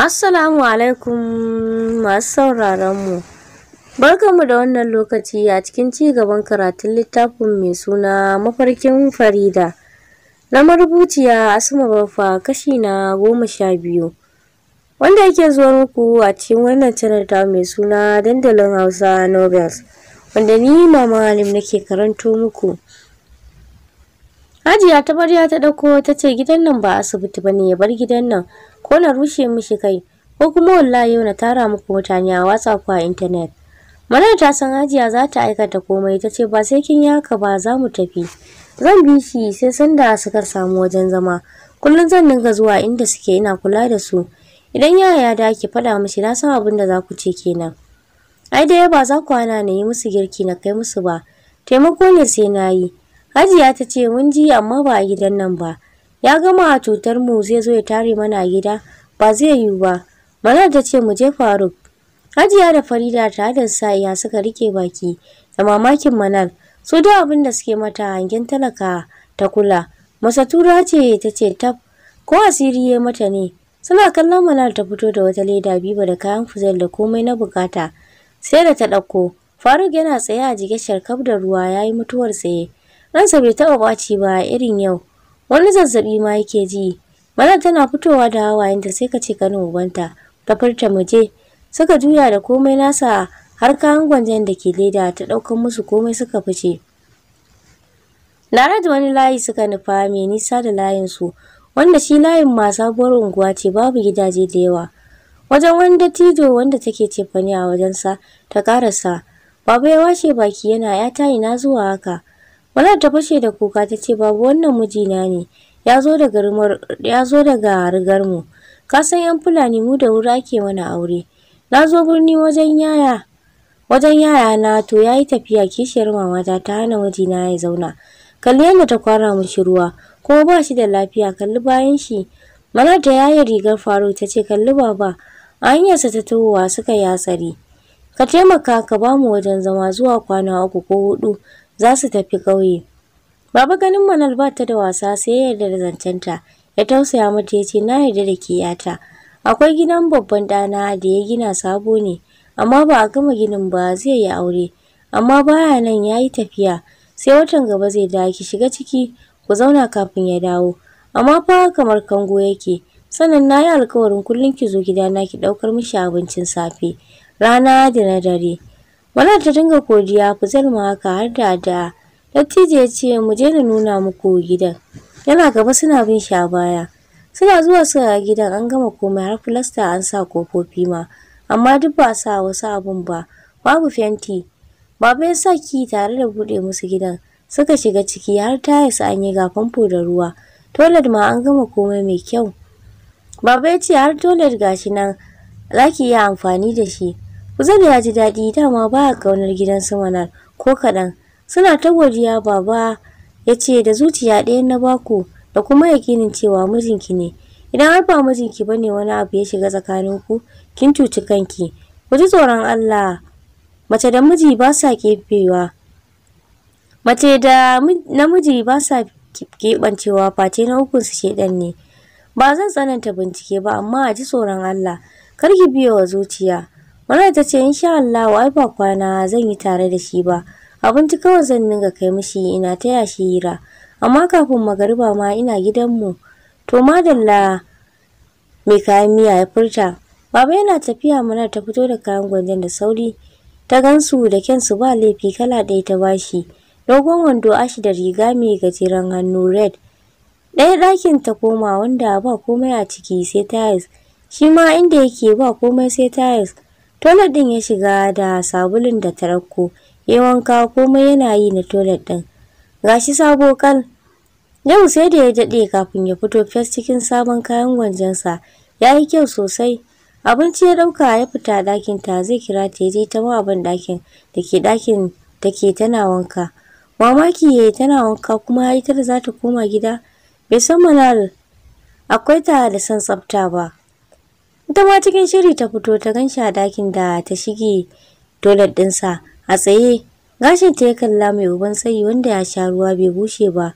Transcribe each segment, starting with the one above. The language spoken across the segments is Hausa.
Assalamu alaikum masu mu Barkanmu da wannan lokaci a cikin ci gaban karatun littafin mai suna mafarkin Farida. Na marubuciya Asma Baffa kashi na goma sha biyu. Wanda yake zuwa muku a cikin wannan canar ta mai suna dandalin Hausa Novels. Wanda ni mama Alim nake karanto muku. Hajiya ta barya ta ɗauko ta ce gidan nan ba asibiti ba ne ya bar gidan nan. ko na rushe mishi kai ko kuma wallahi yau na tara muku mutane a watsa ku a intanet Manar ta san Hajiya za ta aikata komai ta ce ba sai kin yi haka ba za mu tafi. Zan bi shi sai sanda suka samu wajen zama. Kullum zan dinga zuwa inda suke ina kula da su. Idan yaya da ki faɗa mishi na san abin da za ku ce kenan. Ai da ba za ku hana na yi musu girki na kai musu ba. Taimako ne sai na yi. Hajiya ta ce mun ji amma ba a gidan nan ba. ya gama a cutar mu zai zo ya tare mana gida ba zai yiwu ba Manal ta ce mu je faruk hajiya da farida tare da sa'iya suka rike baki da mamakin Manal. su da abin da suke mata hangen talaka ta kula masatura ce ta ce tab ko asiri ya mata ne suna kallon Manal ta fito da wata leda biba da kayan fuzel da komai na bukata sai da ta ɗauko faruk yana tsaye a jike sharkaf da ruwa ya yi mutuwar tsaye ransa bai taɓa ɓaci ba irin yau wani zazzabi ma yake ji mana tana fitowa da hawayenta sai ka ce kanin ubanta ta furta muje suka juya da komai nasa har kayan gwanjan da ke leda ta ɗaukan musu komai suka fice Nare da wani layi suka nufa mai nisa da layinsu wanda shi layin ma sabuwar unguwa ce babu gidaje da yawa wajen wani dattijo wanda take cefani a wajensa ta karasa baba ya washe baki yana ya tayi na zuwa haka Malar ta fashe da kuka ta ce babu wannan mijina ne ya zo daga rigar mu. Ka san yan Fulani mu da wuri ake mana aure. Na zo birni wajen yaya wajen yaya na to yayi tafiya kishiyar mamata ta hana mijina ya zauna. Kalli yadda ta kwara mishi ruwa ko ba shi da lafiya kalli bayan shi. mana ta yaya rigar faru ta ce kalli baba a hanyarsa ta tohowa suka yi hatsari. Ka taimaka ka bamu wajen zama zuwa kwana uku ko hudu za su tafi ƙauye. Baba ganin Manal ba ta da wasa sai ya yarda da zancenta, ya tausaya mata ya ce na yarda da ke yata. Akwai gidan babban ɗana da ya gina sabo ne, amma ba a gama ginin ba zai yi aure. Amma baya nan ya yi tafiya, sai watan gaba zai dawo ki shiga ciki ku zauna kafin ya dawo. Amma fa kamar kango yake, sannan na yi alkawarin kullum ki zo gidana ki ɗaukar mishi abincin safe, rana da na dare. Wala ta dinga godiya ku zalma haka har da da. Dattijo ya ce mu je na nuna muku gidan. Yana gaba suna bin shi a baya. Suna zuwa suka gidan an gama komai har filasta an sa kofofi ma. Amma duk ba sa wasu abun ba. Babu fenti. Baba ya sa ki tare da buɗe musu gidan. Suka shiga ciki har tayas an yi ga famfo da ruwa. Toilet ma an gama komai mai kyau. Baba ya ce har toilet gashi nan za ki iya amfani da shi. Uzal ya ji daɗi dama ba a ƙaunar gidan sama na ko kaɗan. Suna ta godiya baba ya ce da zuciya ɗaya na baku da kuma yakinin cewa mijinki ne. Idan har ba mijinki bane wani abu ya shiga ku kin cuci kanki. Ku ji tsoron Allah mace da miji ba sa kefewa. Mace da namiji ba sa keɓancewa face na hukunsu shedan ne. Ba zan tsananta bincike ba amma a ji tsoron Allah. Kar ki biyo wa zuciya. Maryam ta ce in sha Allah ai ba kwana zan yi tare da shi ba. Abinci kawai zan dinga kai mishi ina taya shi hira. Amma kafin magariba ma ina gidan mu. To madalla mai kayan miya ya furta. Baba yana tafiya mana ta fito da kayan gwanjon da sauri. Ta gansu da su ba laifi kala ɗaya ta bashi. Dogon wando ashi da riga mai gajeren hannu red. Ɗaya ɗakin ta koma wanda ba komai a ciki sai tiles. Shi ma inda yake ba komai sai tiles. Tolar ɗin ya shiga da sabulun da tarakko ya wanka komai yana yi na ɗin din gashi sabo kal yau sai da ya daɗe kafin ya fito fes cikin sabon kayan gwanjansa ya yi kyau sosai abinci ya ɗauka ya fita dakin ta zai kira ta je ta ma abin ɗakin da ke ɗakin da ke tana wanka mamaki ya yi tana wanka kuma ya yi ta da za ta koma gida bai san malar akwai ta da san tsafta ba Ita ma cikin shiri ta fito ta gan shi a dakin da ta shige dolar ɗinsa a tsaye. Gashin ta ya kalla mai uban tsayi wanda ya sha ruwa bai bushe ba.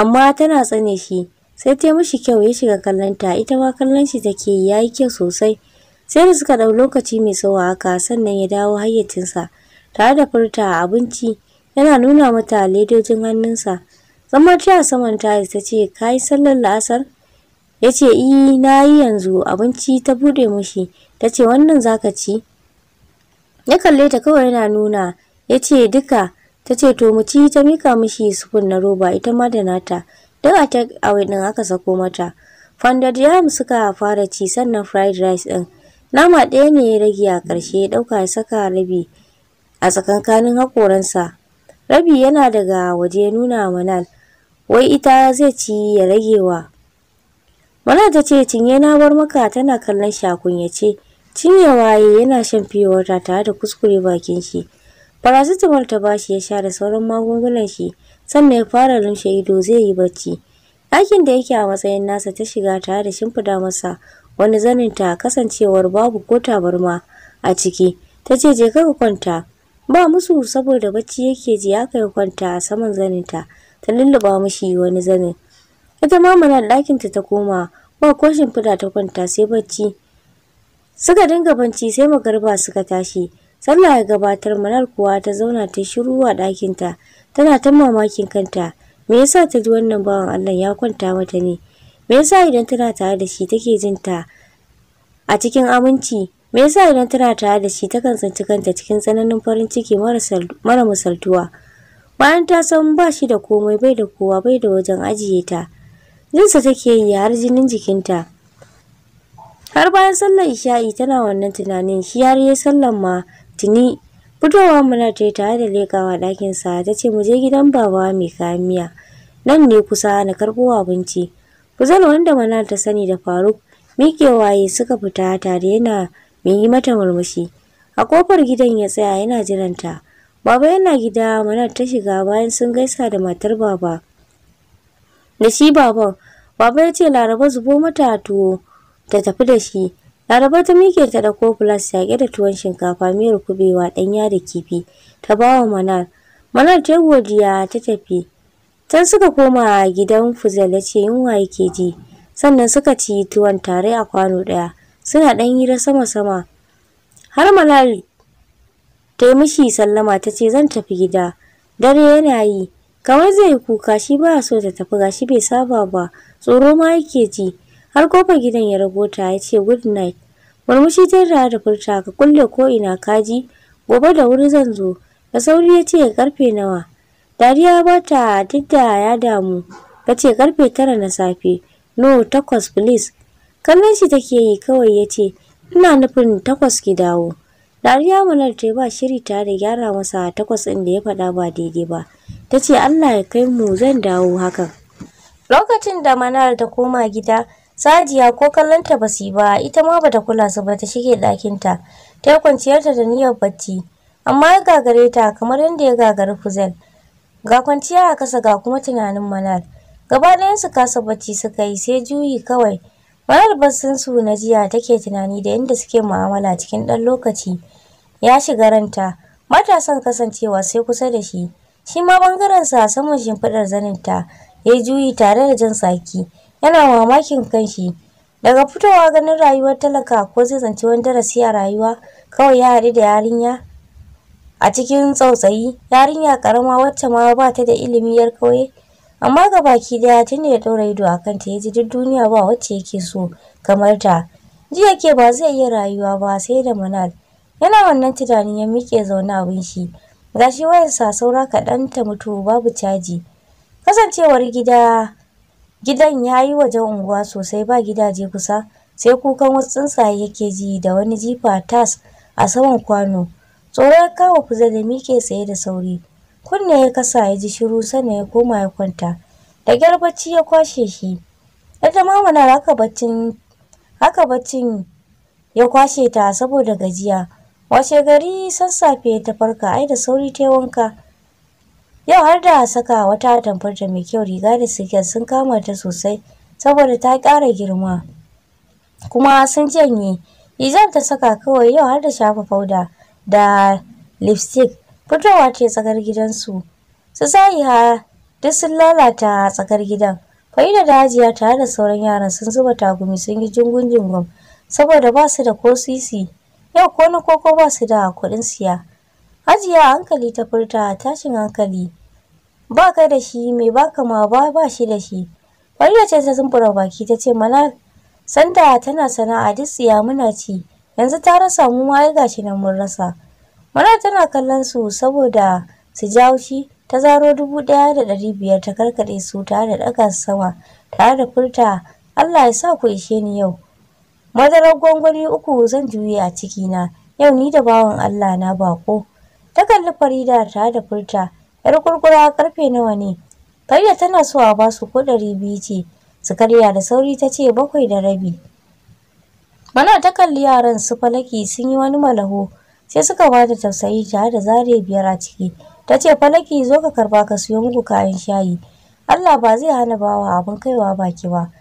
Amma tana tsane shi sai ta mishi kyau ya shiga kallonta ita ma kallon shi take ya yi kyau sosai. Sai da suka ɗau lokaci mai tsawo haka sannan ya dawo hayyacinsa tare da furta abinci yana nuna mata ledojin hannunsa. zama ta saman ta ta ce ka yi sallar la'asar? ya ce i eh, na yi yanzu abinci ta buɗe mushi ta ce wannan zaka ci ya kalle ta kawai yana nuna ya ce duka ta ce to mu ci ta mika mushi sufin na roba ita ma da nata don a take away ɗin aka sako mata Fondant yam suka fara ci sannan fried rice ɗin. Nama ɗaya ne ya rage a ƙarshe ya ɗauka ya saka rabi a tsakankanin hakoransa. Rabi yana daga waje nuna manal, wai ita zai ci ya rage wa Mara ta ce cinye na bar maka tana kallon shakun ya ce cinye waye yana shan fiyowarta tare da kuskure bakin shi. Paracetamol ta bashi ya sha da sauran magungunan shi sannan ya fara lumshe ido zai yi bacci. Ɗakin da yake a matsayin nasa ta shiga tare da shimfida masa wani zanin ta kasancewar babu ko tabarma a ciki. Ta ce je ka kwanta. Ba musu saboda bacci yake ji ya kai kwanta a saman zaninta ta lulluba mishi wani zanin. ita ma mana ɗakinta ta koma ba ko shimfiɗa ta kwanta sai bacci suka dinga banci sai magarba suka tashi sallah ya gabatar manar kuwa ta zauna ta shiru a ta tana ta mamakin kanta me yasa ta ji wannan bawan Allah ya kwanta mata ne me yasa idan tana tare da shi take jin ta a cikin aminci me yasa idan tana tare da shi takan tsinci kanta cikin tsananin farin ciki mara misaltuwa bayan ta san ba shi da komai bai da kowa bai da wajen ajiye ta yinsa take yi har jinin jikinta har bayan sallar isha'i tana wannan tunanin shi har yi sallar ma tuni fitowa muna ta tare da lekawa ɗakinsa ta ce mu je gidan baba mai kayan miya nan ne kusa na karɓo abinci Fuzal wanda mana ta sani da Faruk waye suka fita tare yana mai mata murmushi a kofar gidan ya tsaya yana jiranta baba yana gida mana ta shiga bayan sun gaisa da matar baba da shi baban baba ya ce laraba zubo mata tuwo ta tafi da shi laraba ta mike ta da kofulas yaƙe da tuwon shinkafa miyar kubewa ɗanya da kifi ta ba wa manar manar ta godiya ta tafi can suka koma gidan fuzal ya ce yunwa yake ji sannan suka ci tuwon tare a kwano ɗaya suna ɗan hira sama-sama har malal ta yi mishi sallama ta ce zan tafi gida dare yana yi kamar zai yi kuka shi ba so ta tafi shi bai saba ba tsoro ma yake ji har kofar gidan ya rabota ya ce good night murmushi ta tare da furta ka kulle ko ina kaji gobe da wuri zan zo da sauri ya ce karfe nawa dariya ba ta duk da ya damu ta ce karfe tara na safe no takwas please kallon shi take yi kawai ya ce ina nufin takwas ki dawo dariya manar ta ba shiri ta da gyara masa takwas ɗin da ya faɗa ba daidai ba ta ce Allah ya kai mu zan dawo hakan. Lokacin da Manar ta koma gida, sajiya ko kallonta ba su ba, ita ma bata kula su ba ta shige ɗakinta, ta yi kwanciyarta da niyyar bacci. Amma ya gagare ta kamar yadda ya gagari Fuzel. Ga kwanciya a kasa ga kuma tunanin Manar. Gaba ɗayan su kasa bacci suka yi sai juyi kawai. Manar bassin su na jiya take tunani da yadda suke mu'amala cikin ɗan lokaci. Ya shiga ranta, matasan kasancewa sai kusa da shi. shi ma bangarensa saman shimfiɗar zaninta ya juyi tare da jan saki yana mamakin kanshi daga fitowa ganin rayuwar talaka ko zai zanci wani darasi a rayuwa kawai ya haɗu da yarinya a cikin tsautsayi yarinya karama wacce ma ba ta da ilimi yar kauye amma ga baki daya da ya ɗaura ido a kanta ya ji duk duniya ba wacce yake so kamar ta jiya ke ba zai iya rayuwa ba sai da manal yana wannan tunanin ya miƙe zaune abin shi gashi wayarsa saura kaɗan ta mutu babu caji kasancewar gida gidan ya yi wajen unguwa sosai ba gidaje kusa sai kukan wasu tsuntsaye yake ji da wani jifa tas a saman kwano tsoro ya kama kuza da mike tsaye da sauri kunne ya kasa ya ji shiru sannan ya koma ya kwanta da gyar bacci ya kwashe shi ita mamunar haka baccin haka baccin ya kwashe ta saboda gajiya Wace gari sassafe ta farka ai da sauri ta wanka. Yau har da saka wata atamfar da mai kyau riga da siket sun kama ta sosai saboda ta ƙara girma. Kuma sun janye. zan ta saka kawai yau har da shafa fauda da lipstick. Fitowa ce tsakar gidansu. Su ha duk sun lalata tsakar gidan. Faida da Hajiya tare da sauran yaran sun zuba tagumi sun yi jingun jingun saboda ba su da ko yau ko na koko ba su da kuɗin siya Ajiya a hankali ta furta tashin hankali ba ka da shi mai baka ma ba ba shi da shi farida ce ta zumbura baki ta ce mana sanda tana sana'a duk siya muna ci yanzu ta rasa mu ma ya gashi nan mun rasa mana tana kallon su saboda su jawo shi ta zaro dubu ɗaya da ɗari biyar ta karkaɗe su tare da ɗaga sama tare da furta Allah ya sa ku ishe ni yau Madarar gwangwani uku zan juye a cikina, yau ni da bawan Allah na bako. Ta kalli Farida ta da furta, ‘yar kurkura karfe nawa ne? Farida tana so a ba su ko ɗari biyu ce, su karya da sauri ta ce bakwai da rabi. bana ta kalli yaran su falaki sun yi wani malaho, sai suka ba ta tausayi tare da zare biyar a ciki. Ta ce falaki zo ka karba ka siyo muku kayan shayi. Allah ba zai hana bawa abin kaiwa baki ba.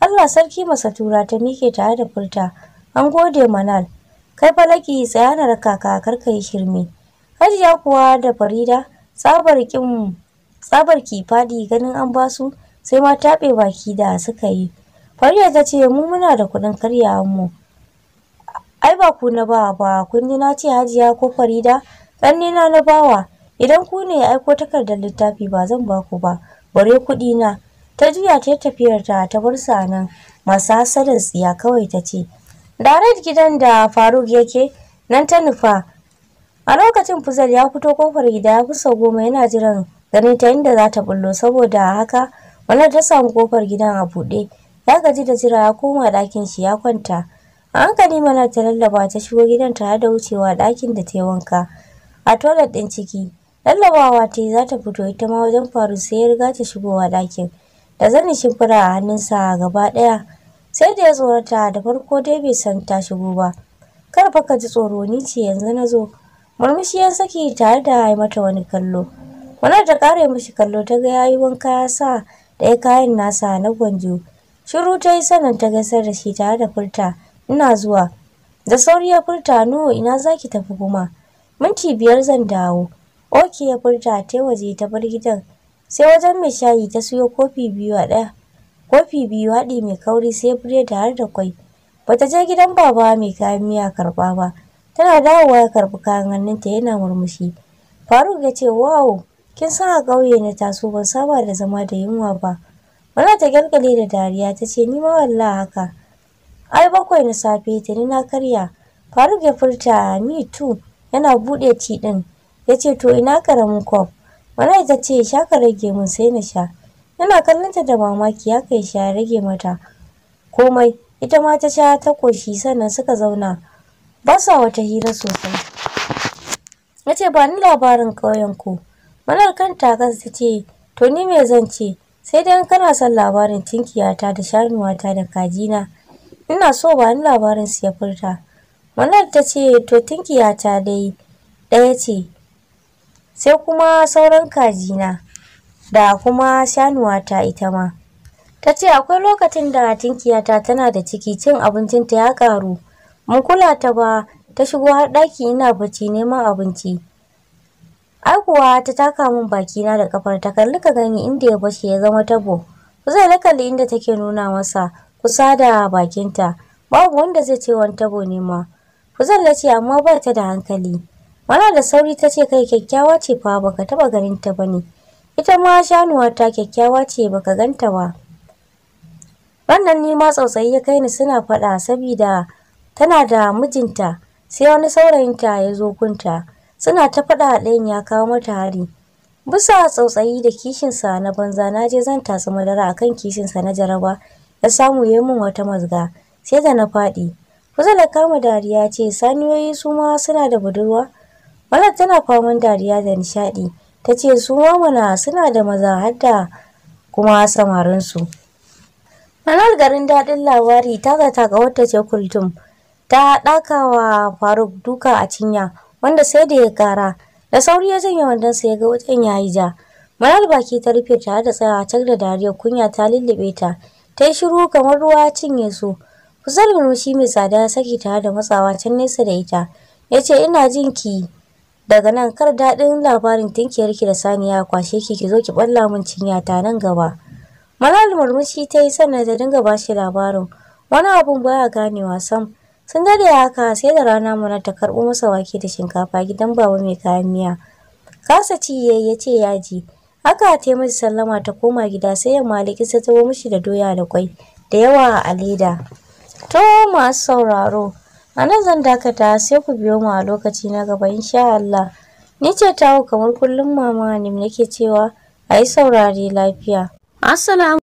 Allah sarki masa tura ta mike tare da furta. An gode manal. Kai falaki tsaya na raka ka karka yi shirme. Hajiya kuwa da Farida tsabar kin tsabar kifadi ganin an basu sai ma taɓe baki da suka yi. Farida ta ce mu muna da kuɗin karyawan mu. Ai ba ku na ba ba kun ji na ce Hajiya ko Farida ɗan nina na bawa idan ku ne ya aiko takardar littafi ba zan ba ku ba bare kuɗi na. ta juya ta tafiyarta ta ta bar a nan masu hasadin tsiya kawai ta ce direct gidan da faruk yake nan ta nufa a lokacin fuzal ya fito kofar gida ya fi goma yana jiran ganin ta inda za ta bullo saboda haka wani ta samu kofar gidan a buɗe ya gaji da jira ya koma ɗakin shi ya kwanta a hankali mana ta lallaba ta shigo gidan tare da wucewa ɗakin da ta yi wanka a toilet ɗin ciki lallabawa ta yi za ta fito ita ma wajen faru sai ya riga ta shigowa ɗakin da zanin shimfira a hannunsa gaba ɗaya sai da ya tsorata da farko dai bai san ta shigo ba kar fa ka ji tsoro ni ce yanzu na zo murmushi ya saki tare da ya mata wani kallo wani ta kare mishi kallo ta ga yayi wanka ya sa da ya kayan nasa na gwanjo shiru ta yi sanin ta gasar da shi tare da furta ina zuwa da sauri ya furta nuhu ina zaki tafi kuma minti biyar zan dawo oke ya furta ta waje ta bar gidan sai wajen mai shayi ta siyo kofi biyu a ɗaya kofi biyu haɗi mai kauri sai da har da kwai bata je gidan baba mai kayan miya karɓa ba tana dawowa ya karɓi kayan hannunta yana murmushi faruk ya ce wow kin san a ƙauye na taso ban saba da zama da yunwa ba Wala ta galgale da dariya ta ce ni ma walla haka. Ai bakwai na safe ta ni na karya. Faruk ya furta me too yana buɗe ci ɗin. Ya ce to ina ƙaramin kwaf. Marai ta ce sha ka rage min sai na sha. Ina kallon ta da mamaki ya kai sha rage mata komai. Ita ma ta sha ta koshi sannan suka zauna. Ba sa wata hira sosai. nace ce ba ni labarin ƙauyen ku. Manar kanta kansa ta ce to ni me zan ce sai dai kana son labarin tinkiyata da shanuwata da kajina. Ina so ba ni labarin su ya furta. Manar ta ce to tinkiyata dai ɗaya ce sai kuma sauran kajina da kuma shanuwata ita ma. Ta ce akwai lokacin da tinkiyata tana da ciki cin abincin ta ya ƙaru, mun kula ta ba ta shigo har ɗaki ina bacci neman abinci. Ai kuwa ta taka min bakina da kafar ta kalli ka gani inda ya bace ya zama tabo. Zai na kalli inda take nuna masa kusa da bakinta. Babu wanda zai ce wani tabo ne ma. Fuzal na ce amma ba ta da hankali. Mara da sauri ta ce kai kyakkyawa ce fa baka taɓa ganin ta bane. Ita ma shanuwa ta kyakkyawa ce baka ganta ba. Wannan ni ma tsautsayi ya kai ni suna faɗa saboda tana da mijinta sai wani saurayinta ya zo kunta, Suna ta faɗa ɗayan ya kawo mata hari. Bisa tsautsayi da kishinsa na banza na je zan tatsi madara akan kan kishinsa na jaraba ya samu ya min wata mazga sai da na faɗi. Kusa da kama dariya ce saniyoyi su ma suna da budurwa. Malam tana faman dariya da nishaɗi. Ta ce su mamuna suna da maza har kuma samarinsu. Manar garin daɗin labari ta zata ga wata ce kultum. Ta wa Faruk duka a cinya wanda sai da ya ƙara. Da sauri ya janye wandonsa ya ga wajen ya yi ja. Manar baki ta rufe tare da tsayawa cak da dariya kunya ta lullube ta. Ta yi shiru kamar ruwa cinye su. Fuzar shi mai tsada ya saki tare da matsawa can nesa da ita. Ya ce ina jin ki daga nan kar daɗin labarin tinkiyar ki da saniya kwashe ki ki zo ki balla min cinya ta nan gaba malal murmushi ta yi sannan da dinga ba shi labarin wani abun baya ganewa sam sun dade haka sai da rana mana ta karɓo masa wake da shinkafa gidan baba mai kayan miya kasa ci ya ce yaji haka ta mai sallama ta koma gida sai yamma likita ta mishi da doya da kwai da yawa a leda to masu sauraro A nan zan dakata sai ku biyo mu a lokaci na gaba insha Allah. Ni ce tawo kamar kullum mama ne nake cewa a yi saurare lafiya. Assalamu